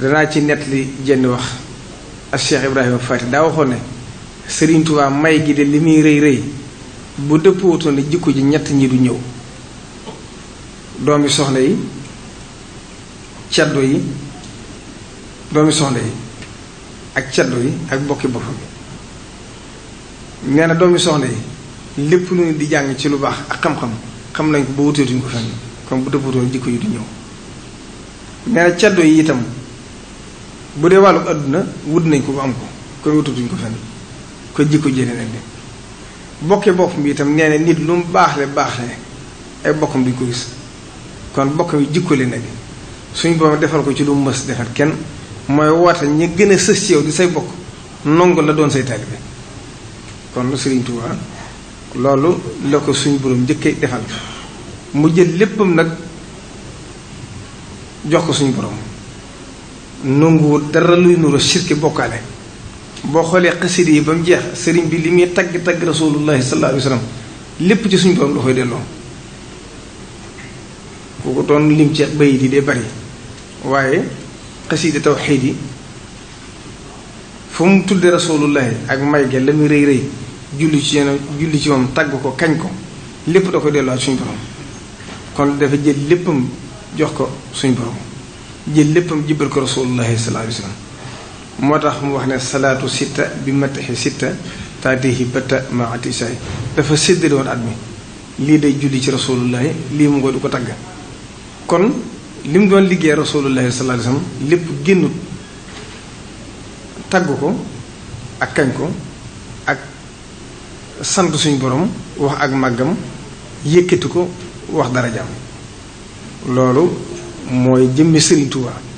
danaa ci nett li jenn wax ak Cheikh Ibrahima Fati daa waxoon ne Sëriñ Tuubaa may gi de li muy rëy rëy bu dëppootoon ne jikko ji ñett ñi du ñëw doomi soxna yi caddo yi doomi soxna yi ak caddo yi ak bokki boppam nee na doomi soxna yi lépp lu ñu di jàng ci lu baax ak xam-xam xam nañ ko ba wuteetuñ ko fenn kon bu dëppootoon jikko ji du ñëw nee na caddo yi itam bu dee wàllu àdduna wut nañ ko ba am ko kon wutatuñ ko fenn ko jikko jëlee indi bokke bopp bi itam nee na nit lu mu baaxle baaxle ay bokkam duñ ko gis kon bokkam yi jikko leen indi suñ borom defal ko ci lu mu mës defal kenn mooy woote ñi gën a sës ci yow di say bokk nongu la doon say taalibe kon Sëriñ Tuubaa loolu la ko suñ borom njëkkee defal mu jël léppam nag jox ko suñu borom. nanguwul dara luy nuru sirki bokkaale boo xoolee xasida yi ba mu jeex sëriñ bi li muy tagg tagg rasulullahi sallallahu alayhi lépp ci suñu borom da koy delloo ku lim ci bayit yi dee bari waaye xasida tawxiid yi fu mu tudde rasulullahi ak may ga la rëy rëy julli ci yenn julli ko kañ lépp da koy delloo ak suñu borom kon dafa jël léppam jox ko suñu borom jël léppam jibbal ko rasulullahi sallallahu alayhi wa moo tax mu wax ne salaatu sitta bi mataxi sitta taatihi bata maati say dafa séddale at mi lii day julli ci rasulullahi lii mu ngoo du ko tagg kon li mu doon liggéey rasulullahi sallallahu alayhi wa lépp génnut tagg ko ak kañ ko ak sant suñu boroom wax ak màggam yëkkati ko wax dara jàmm loolu mooy jëmmi Serigne Touba.